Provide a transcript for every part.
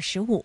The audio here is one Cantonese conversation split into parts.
二十五。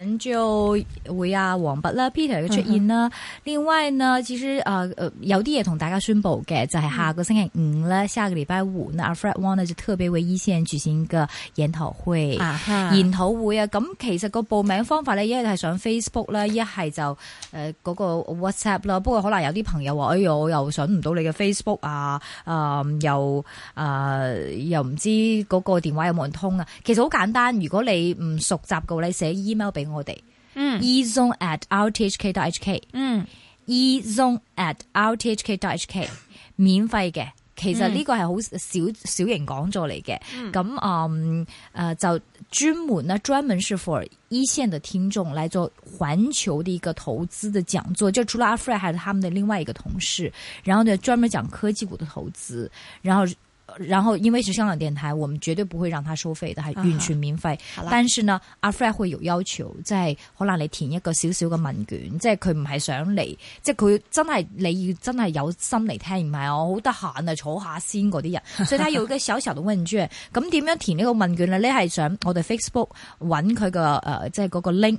嗯、就會阿王弼啦，Peter 嘅出現啦，嗯、哼另外呢，其實誒、呃、有啲嘢同大家宣布嘅，就係、是、下個星期五咧，嗯、下個禮拜五呢，那阿 Fred Wong 呢就特別為一線人舉行一個研討會，會，啊啊、研討會啊，咁其實個報名方法咧，一係上 Facebook 啦，一係就誒嗰個 WhatsApp 啦，不過可能有啲朋友話，哎，我又上唔到你嘅 Facebook 啊，啊、呃呃呃呃、又啊又唔知嗰個電話有冇人通啊，其實好簡單，如果你唔熟習嘅，你寫 email 俾。我哋、嗯、e z o n at rthk. dot hk，e z o n at rthk. dot hk，免費嘅，其實呢個係好小、嗯、小型講座嚟嘅，咁嗯誒、嗯呃、就呢專門咧專門係 for 一線嘅聽眾嚟做環球嘅一個投資嘅講座，就除了 a f r e 還有他們的另外一個同事，然後呢專門講科技股的投資，然後。然後因為是香港電台，我們絕對不會讓他收費的，係完全免費。啊、哈但是呢阿 Fred 會有要求，在、即係、可能你填一個少少嘅問卷，即係佢唔係想嚟，即係佢真係你要真係有心嚟聽，唔係我好得閒啊，坐下先嗰啲人。所以他有一個少少嘅問卷，咁點樣填呢個問卷呢？你係想我哋 Facebook 揾佢個誒，即係嗰個 link。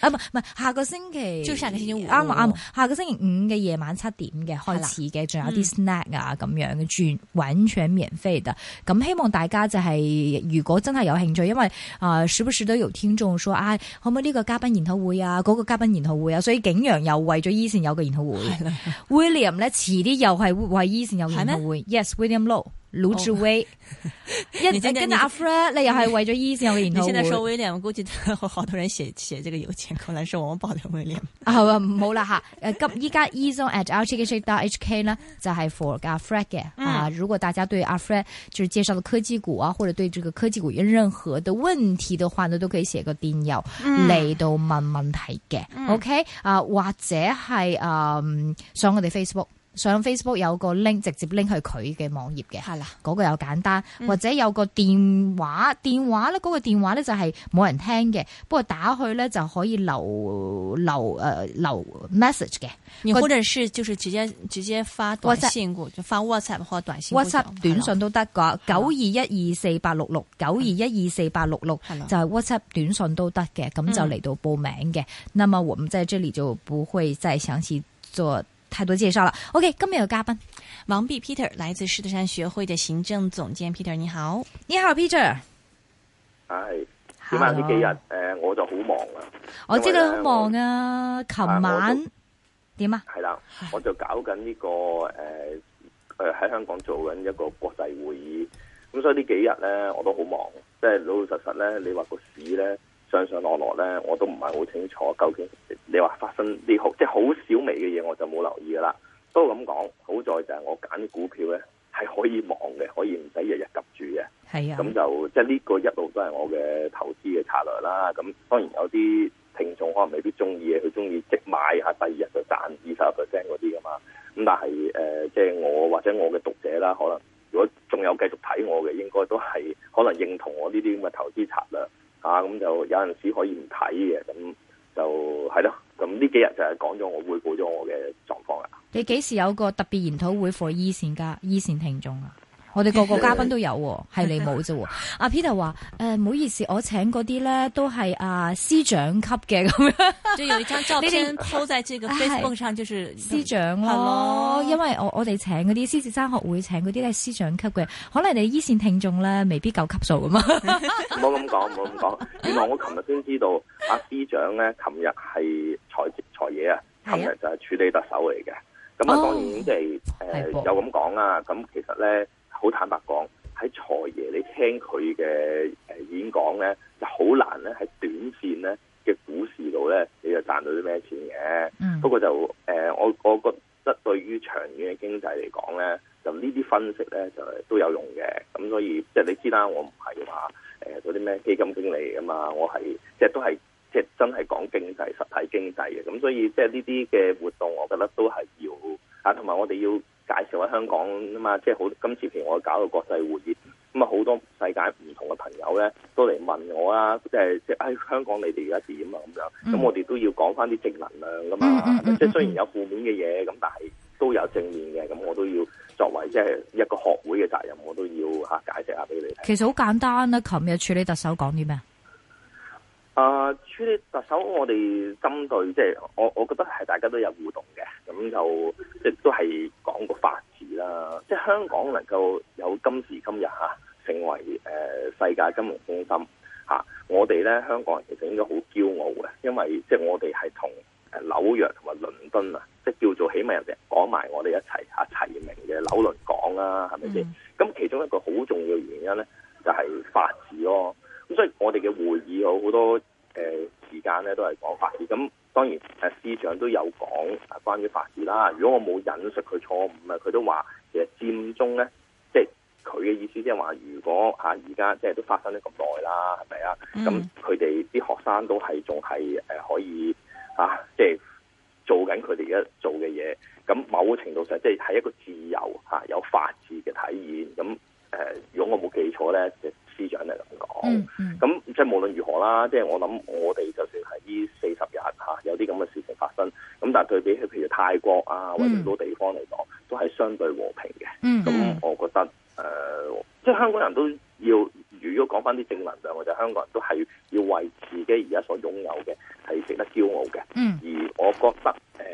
啊，唔唔，下個星期，主持人先要啱啱，下個星期五嘅夜晚七點嘅開始嘅，仲啦有啲 snack 啊咁樣轉完全免費㗎，咁希望大家就係、是、如果真係有興趣，因為啊時不時都有聽眾說啊，可唔可以呢個嘉賓研討會啊，嗰、那個嘉賓研討會啊，所以景陽又為咗伊善友嘅研討會的 ，William 咧遲啲又係為伊善友研討會嗎，Yes William 咯。盧志威，一直、oh. 跟阿 Fred， 你又係為咗 Ezone 你現在說威廉，我估計好多人寫寫這個郵件，可能是我保留威廉。啊，唔好啦吓，誒，依家 Ezone at l c h h k 呢，就係 for 阿 Fred 嘅啊、嗯呃。如果大家對阿 Fred 就是介紹的科技股啊，或者對這個科技股有任何的問題的話呢，都可以寫個電郵嚟、嗯、到問問題嘅。嗯、OK 啊、呃，或者係誒、呃、上我哋 Facebook。上 Facebook 有個 link 直接拎去佢嘅網頁嘅，係啦的，嗰個又簡單，或者有個電話、嗯、電話咧，嗰、那個電話咧就係冇人聽嘅，不過打去咧就可以留留誒、呃、留 message 嘅。你或者是就是直接直接發短信嘅，WhatsApp, 就發 WhatsApp 或短信。WhatsApp 短信都得嘅，九二一二四八六六九二一二四八六六就係 WhatsApp 短信都得嘅，咁的就嚟到報名嘅。嗯、那麼我們在這裡就不會再想細做。太多介紹了，OK，今日有嘉賓。王弼 Peter 來自獅子山學會嘅行政總監 Peter，你好，你好 Peter。唉，點啊？呢幾日誒，我就好忙，oh, 忙啊。我知道好忙啊，琴晚點啊？係啦麼，我就搞緊、這、呢個誒誒喺香港做緊一個國際會議，咁 所以幾呢幾日咧我都好忙，即係老老實實咧，你話個市咧。上上落落咧，我都唔係好清楚，究竟你話發生啲好即係好小微嘅嘢，我就冇留意噶啦。都咁講，好在就係我揀股票咧，係可以忙嘅，可以唔使日日急住嘅。係啊，咁就即係呢個一路都係我嘅投資嘅策略啦。咁當然有啲聽眾可能未必中意嘅，佢中意即買下第二日就賺二十 percent 嗰啲噶嘛。咁但係誒，即係我或者我嘅讀者啦，可能如果仲有繼續睇我嘅，應該都係可能認同我呢啲咁嘅投資策略。啊，咁就有陣時可以唔睇嘅，咁就係咯。咁呢幾日就係講咗我，匯報咗我嘅狀況啦。你幾時有個特別研討會 for 二線家、二線聽眾啊？我哋個個嘉賓都有，係你冇啫。阿 Peter 話，誒，唔好意思，我請嗰啲咧都係啊司長級嘅咁樣。即係要將照片鋪在這個 Facebook 上，就是司長咯。因為我我哋請嗰啲獅子山學會請嗰啲係司長級嘅，可能你一線聽眾咧未必夠級數㗎嘛。唔好咁講，唔好咁講。原來我琴日先知道，阿司長咧琴日係財財爺啊，琴日就係處理特首嚟嘅。咁啊，當然即係誒有咁講啦。咁其實咧。好坦白講，喺財爺你聽佢嘅誒演講咧，就好難咧喺短線咧嘅股市度咧，你就賺到啲咩錢嘅。嗯、不過就誒，我我覺得對於長遠嘅經濟嚟講咧，就呢啲分析咧就都有用嘅。咁所以即係、就是、你知啦，我唔係話誒嗰啲咩基金經理㗎嘛，我係即係都係即係真係講經濟、實體經濟嘅。咁所以即係呢啲嘅活動，我覺得都係要啊，同埋我哋要。介紹喺香港啊嘛，即係好今次譬如我搞個國際會議，咁啊好多世界唔同嘅朋友咧都嚟問我啊，即係即係喺香港你哋而家點啊咁樣，咁、嗯、我哋都要講翻啲正能量噶嘛，即係、嗯嗯嗯嗯嗯、雖然有負面嘅嘢，咁但係都有正面嘅，咁我都要作為即係一個學會嘅責任，我都要嚇解釋下俾你。其實好簡單啦，琴日處理特首講啲咩？啊！呃、特首我哋針對即係、就是、我，我覺得係大家都有互動嘅，咁就即係都係講個法治啦。即、就、係、是、香港能夠有今時今日吓、啊、成為誒、呃、世界金融中心吓、啊，我哋咧香港人其實應該好驕傲嘅，因為即係、就是、我哋係同誒紐約同埋倫敦啊，即、就、係、是、叫做起碼人哋。誒，司長嚟咁講，咁、嗯嗯、即係無論如何啦，即係我諗，我哋就算係呢四十日吓，有啲咁嘅事情發生，咁但係對比起譬如泰國啊，或者好多地方嚟講，嗯、都係相對和平嘅。咁、嗯嗯、我覺得誒、呃，即係香港人都要，如果講翻啲正能量，或者香港人都係要為自己而家所擁有嘅係值得驕傲嘅。嗯、而我覺得誒。呃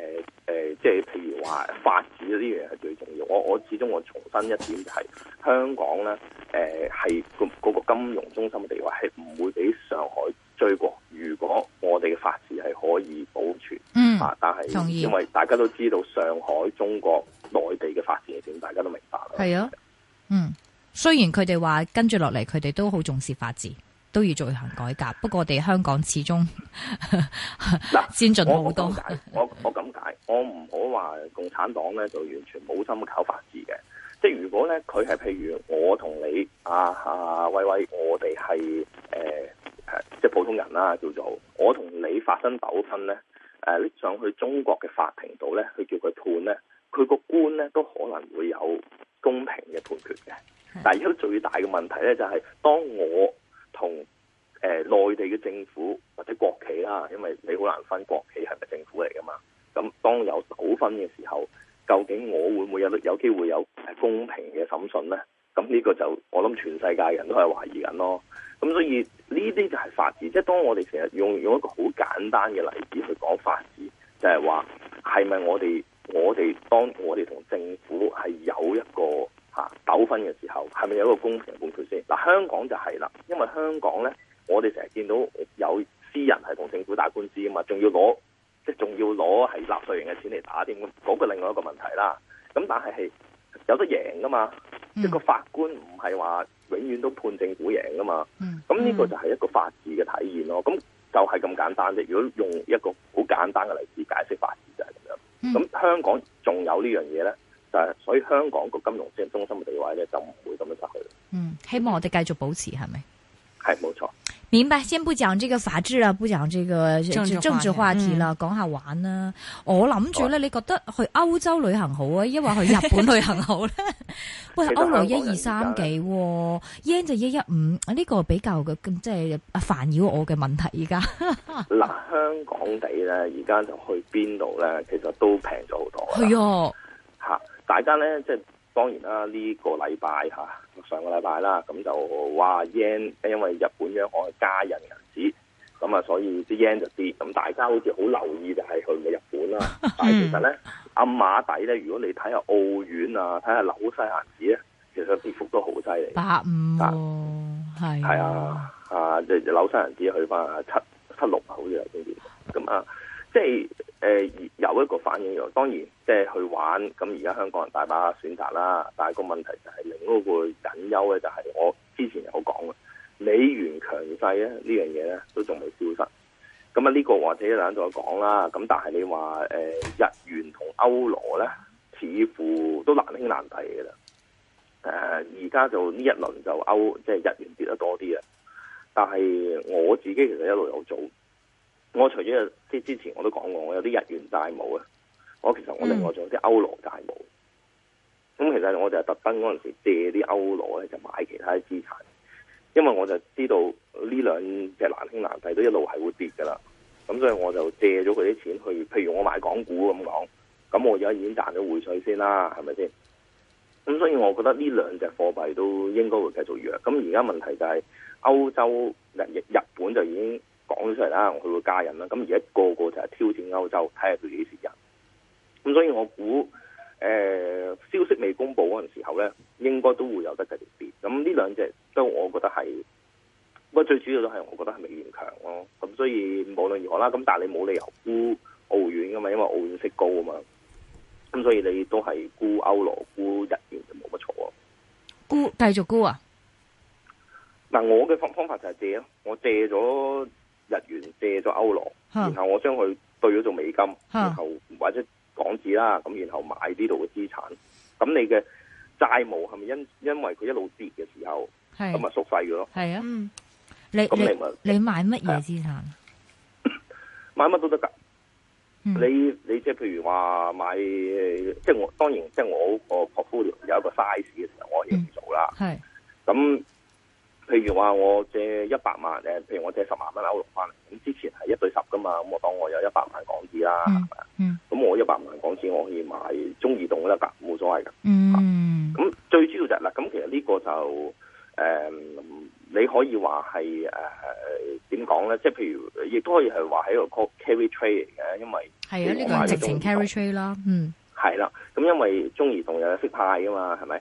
誒、呃，即係譬如話法治呢樣嘢，係最重要。我我始終我重申一點，就是，就係香港呢誒，係嗰個金融中心嘅地位係唔會俾上海追過。如果我哋嘅法治係可以保存，嗯，啊，但係意因為大家都知道上海中國內地嘅法治係點，大家都明白啦。係啊，是嗯，雖然佢哋話跟住落嚟，佢哋都好重視法治。都要進行改革，不過我哋香港始終 先進好很多。我我咁解，我唔好話共產黨呢就完全冇心搞法治嘅。即係如果呢，佢係譬如我同你啊啊，威威，我哋係誒誒即係普通人啦、啊，叫做我同你發生糾紛呢誒，拎上去中國嘅法庭度呢，去叫佢判呢，佢個官呢都可能會有公平嘅判決嘅。但係而家最大嘅問題呢、就是，就係當我。你哋嘅政府或者國企啦，因為你好難分國企係咪政府嚟噶嘛？咁當有糾紛嘅時候，究竟我會唔會有有機會有公平嘅審訊咧？咁呢個就我諗全世界人都係懷疑緊咯。咁所以呢啲就係法治，即係當我哋成日用用一個好簡單嘅例子去講法治，就係話，係咪我哋我哋當我哋同政府係有一個吓糾紛嘅時候，係咪有一個公平嘅判決先？嗱、啊，香港就係啦，因為香港咧。我哋成日見到有私人係同政府打官司啊嘛，仲要攞即係仲要攞係納稅人嘅錢嚟打添，嗰、嗰個另外一個問題啦。咁但係有得贏噶嘛？嗯、一個法官唔係話永遠都判政府贏噶嘛？咁呢、嗯、個就係一個法治嘅體現咯。咁、嗯、就係咁簡單嘅。如果用一個好簡單嘅例子解釋法治就係咁樣。咁、嗯、香港仲有這呢樣嘢咧，就係所以香港個金融金中心嘅地位咧就唔會咁樣失去。嗯，希望我哋繼續保持係咪？係冇錯。明白，先不講這個法治啊，不講這個政治話題啦，嗯、講下玩啦、啊。我諗住咧，你覺得去歐洲旅行好啊，抑或去日本旅行好咧？喂， 歐羅一二三幾，yen 就一一五，呢個比較嘅即係煩擾我嘅問題。而家嗱，香港地咧，而家就去邊度咧，其實都平咗好多。係吓大家咧、這個啊啊，即係當然啦，呢、呢個禮拜吓。啊上個禮拜啦，咁就話 yen，因為日本央行加印銀紙，咁啊所以啲 yen 就跌。咁大家好似好留意就係去嘅日本啦， 但係其實咧暗馬底咧，如果你睇下澳元啊，睇下紐西銀紙咧，其實跌幅都好犀利，八五 但，係，係啊，啊即係、啊、紐西銀紙去翻七七六啊，好似今年咁啊，即係。誒、呃，有一個反應，又當然，即係去玩咁而家香港人大把選擇啦，但係個問題就係、是、另一個隱憂咧，就係我之前有講嘅美元強勢咧呢樣嘢咧都仲未消失。咁啊呢個或者一陣再講啦。咁但係你話誒、呃、日元同歐羅咧，似乎都難兄難弟嘅啦。誒、呃，而家就呢一輪就歐，即係日元跌得多啲啦，但係我自己其實一路有做。我除咗即係之前我都講過，我有啲日元債務呀，我其實我另外仲有啲歐羅債務。咁、嗯、其實我就係特登嗰陣時借啲歐羅咧，就買其他啲資產，因為我就知道呢兩隻難兄難弟都一路係會跌噶啦。咁所以我就借咗佢啲錢去，譬如我買港股咁講，咁我而家已經賺咗匯水先啦，係咪先？咁所以我覺得呢兩隻貨幣都應該會繼續弱。咁而家問題就係歐洲日日本就已經，講咗出嚟啦，佢會加人啦。咁而家個個就係挑戰歐洲，睇下佢幾時人。咁所以我估，誒、呃，消息未公布嗰陣時候咧，應該都會有得繼續跌。咁呢兩隻都我覺得係，不過最主要都係我覺得係美元強咯。咁所以無論如何啦，咁但係你冇理由沽澳元噶嘛，因為澳元息高啊嘛。咁所以你都係沽歐羅沽日元就冇乜錯啊。沽繼續沽啊！嗱，我嘅方方法就係借咯，我借咗。日元借咗歐羅，然後我將佢兌咗做美金，然後或者港紙啦，咁然後買呢度嘅資產，咁你嘅債務係咪因因為佢一路跌嘅時候，咁咪縮細咗咯？係啊，嗯，你你你，你，你買乜嘢資產？啊、買乜都得㗎、嗯，你你即係譬如話買，即係我當然即係我個 portfolio 有一個 size 嘅時候，我亦唔做啦。係咁。譬如話我借一百萬誒，譬如我借十萬蚊樓落翻，咁之前係一對十噶嘛，咁我當我有一百萬港紙啦，咁、嗯嗯、我一百萬港紙我可以買中移動啦，噶冇所謂噶，咁、嗯啊、最主要就嗱、是，咁其實呢個就誒、嗯，你可以話係誒點講咧，即、呃、係譬如亦都可以係話喺一個 carry trade 嚟嘅，因為係啊，呢個直情 carry trade 啦，嗯，係啦，咁因為中移動有息派噶嘛，係咪？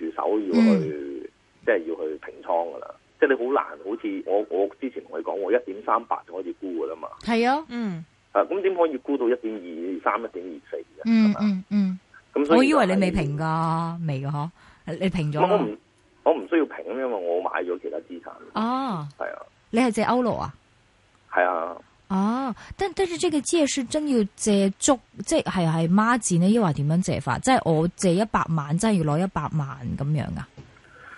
住手要去，嗯、即係要去平倉噶啦，即係你好難，好似我我之前同你講，我一點三八就、啊嗯啊、可以沽噶啦嘛。係啊，嗯，啊吧，咁點可以沽到一點二三、一點二四嘅？嗯嗯。咁所以、就是，我以為你未平噶，未噶嗬？你平咗？我唔，我唔需要平，因為我買咗其他資產。哦，係啊，你係借歐羅啊？係啊。哦、啊，但但是即係借書真要借足，即係係孖展呢？抑或點樣借法？即、就、係、是、我借一百萬,真萬，真係要攞一百萬咁樣噶？誒、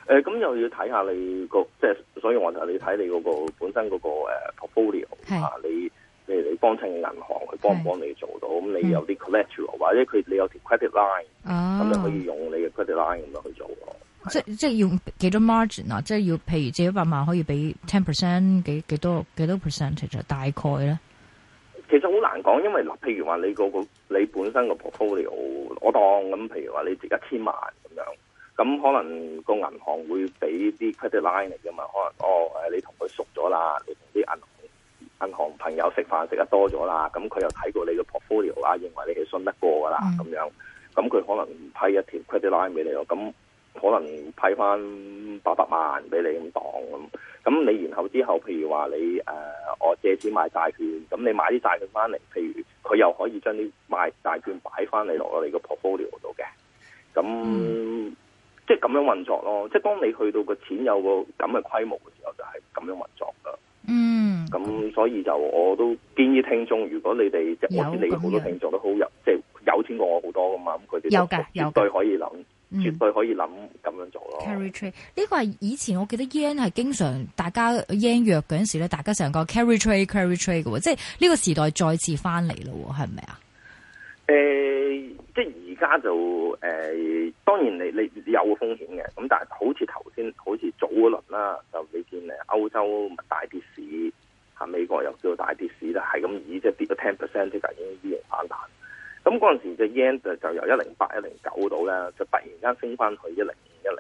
嗯，咁又要睇下你個即係，所以我就你睇你嗰個本身嗰、那個誒、uh, portfolio 是啊，你你幫襯銀行去幫唔幫你做到？咁你有啲 collateral 或者佢你有條 credit line，咁你、啊嗯、可以用你嘅 credit line 咁樣去做。是啊、即即要幾多 margin 啊？即要譬如借一百萬可以俾 ten percent 幾幾多幾多 percentage 啊？大概咧？其實好難講，因為嗱，譬如話你個你本身個 portfolio 攞當咁，譬如話你借一千萬咁樣，咁可能個銀行會俾啲 credit line 嚟噶嘛？可能哦，誒，你同佢熟咗啦，你同啲銀銀行朋友食飯食得多咗啦，咁佢又睇過你個 portfolio 啊，認為你係信得過噶啦，咁、嗯、樣，咁佢可能批一條 credit line 俾你咯，咁。可能批翻八百萬俾你咁當咁，咁你然後之後，譬如話你誒、呃，我借錢買債券，咁你買啲債券翻嚟，譬如佢又可以將啲賣債券擺翻嚟落落你個 portfolio 度嘅，咁、嗯、即係咁樣運作咯。即係當你去到個錢有個咁嘅規模嘅時候，就係、是、咁樣運作噶。嗯，咁那、嗯、所以就我都建議聽眾，如果你哋即我知你好多聽眾都好有即係有錢過我好多噶嘛，咁佢哋有噶的，絕對可以諗。嗯、絕對可以諗咁樣做咯。carry trade 呢個係以前我記得 yen 係經常，大家 yen 弱嗰陣時咧，大家成日講 carry trade carry trade 嘅喎，即係呢個時代再次翻嚟咯，係咪啊？誒、呃，即係而家就誒、呃，當然你你有風險嘅，咁但係好似頭先，好似早一輪啦，就你見誒歐洲大跌市，吓美國又叫做大跌市啦，係咁以即係跌咗 ten percent 即係已經依然反彈。咁嗰陣時隻 yen 就就由一零八一零九到度咧，就突然間升翻去一零五一零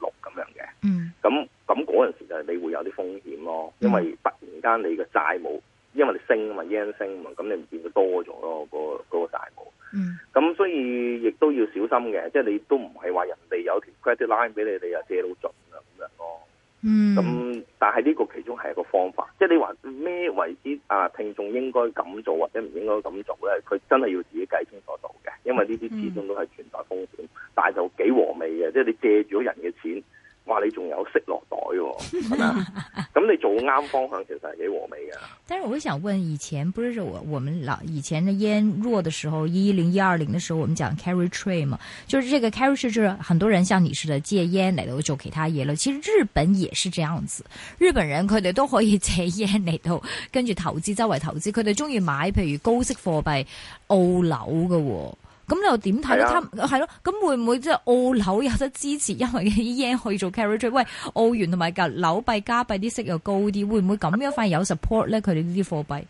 六咁樣嘅。嗯、mm.。咁咁嗰陣時就你會有啲風險咯，因為突然間你嘅債務，因為你升嘛 yen 升嘛，咁你唔見得多咗咯，那個嗰個債務。嗯。咁所以亦都要小心嘅，即係你都唔係話人哋有條 credit line 俾你，你就借到盡啦咁樣咯。嗯、mm.。咁。但係呢個其中係一個方法，即係你話咩為之啊聽眾應該咁做或者唔應該咁做咧？佢真係要自己計清楚度嘅，因為呢啲始終都係存在風險，嗯、但係就幾和味嘅，即係你借住人嘅錢。話你仲有息落袋喎。哦，咁 你做啱方向，其實係幾和味噶。 但是我想問，以前不是我我們老以前嘅 yen 弱嘅時候，二零一二年嘅時候，我們講 carry trade 嘛，就是這個 carry trade，就是很多人像你似的借 yen 嚟到做其他嘢咯。其實日本也是這樣子，日本人佢哋都可以借 yen 嚟到，跟住投資周圍投資，佢哋中意買譬如高息貨幣澳樓嘅喎。咁又點睇咧？差係咯，咁會唔會即係澳樓有得支持？因為啲 yen 可以做 carry trade 喂，澳元同埋嘅紐幣加幣啲息又高啲，會唔會咁樣反而有 support 咧？佢哋呢啲貨幣，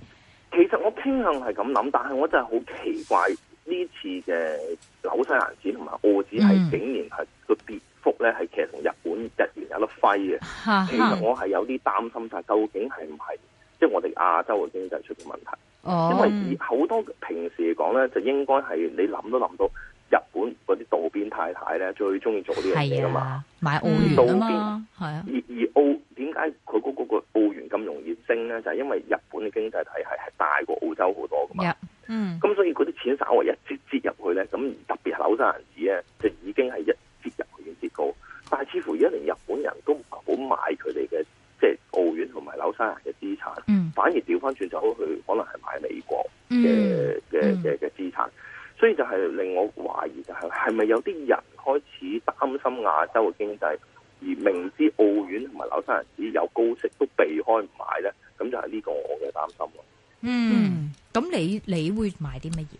其實我偏向係咁諗，但係我真係好奇怪呢次嘅紐西蘭紙同埋澳紙係竟然係個跌幅咧，係其實同日本日元有得揮嘅。其實我係有啲擔心，但係究竟係唔係即係我哋亞洲嘅經濟出現問題？Oh, 因為好多平時嚟講咧，就應該係你諗都諗到日本嗰啲渡邊太太咧最中意做呢樣嘢噶嘛、啊，買澳元渡邊嘛，係啊。而而澳點解佢嗰個澳元咁容易升咧？就係、是、因為日本嘅經濟體係係大過澳洲好多噶嘛。咁 Yeah ,、um, 所以嗰啲錢稍微一擠擠入去咧，咁特別係紐西蘭紙咧，就已經係一擠入去嘅跌高。但係似乎而家連日本人都唔係好買佢哋嘅即係澳元同埋紐西蘭嘅資產，um, 反而調翻轉好。去，可能係。生活經濟，而明知澳元同埋紐西蘭紙有高息都避開唔買咧，咁就係呢個我嘅擔心咯。嗯，咁你你會買啲乜嘢？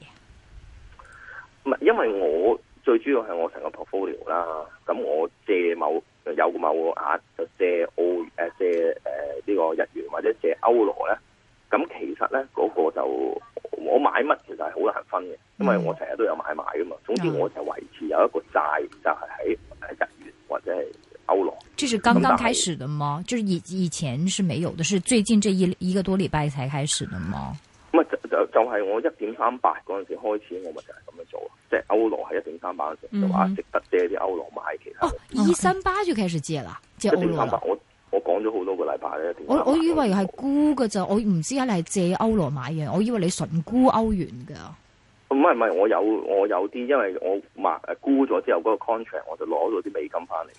唔係，因為我最主要係我成個 portfolio 啦。咁我借某有某個額就借澳誒借誒呢、呃呃呢個日元或者借歐羅咧。咁其實咧嗰、嗰個就我買乜其實係好難分嘅，因為我成日都有買賣噶嘛。總之我就維持有一個債就係喺。或者係歐羅，即係剛剛開始嘅嘛？是就是以以前是沒有嘅，是最近這一一個多禮拜才開始嘅嘛？咁啊就,就就係我一點三八嗰陣時開始，我咪就係咁樣做，即、就、係、是、歐羅係一點三八嘅時候，嗯、哼就話值得借啲歐羅買其他。哦，二三八就開始借啦，借歐羅，一點三八我我講咗好多個禮拜我我以為係沽嘅就，我唔知你係借歐羅買嘅，我以為你純沽歐元嘅。嗯唔係唔係，我有我有啲，因為我買誒沽咗之後，嗰個 contract 我就攞咗啲美金翻嚟。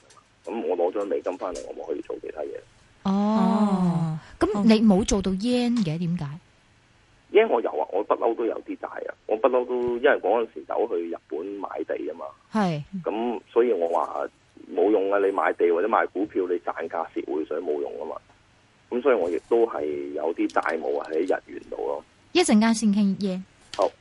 咁我攞咗美金翻嚟，我冇可以做其他嘢。哦，咁、嗯哦、你冇做到 yen 嘅？點解 yen 我有啊，我不嬲都有啲債啊，我不嬲都，因為嗰陣時走去日本買地啊嘛。係是。咁所以我話冇用啊！你買地或者買股票，你賺價蝕匯水冇用啊嘛。咁所以我亦都係有啲債務喺日元度咯。一陣間先傾 yen。Yeah. 好。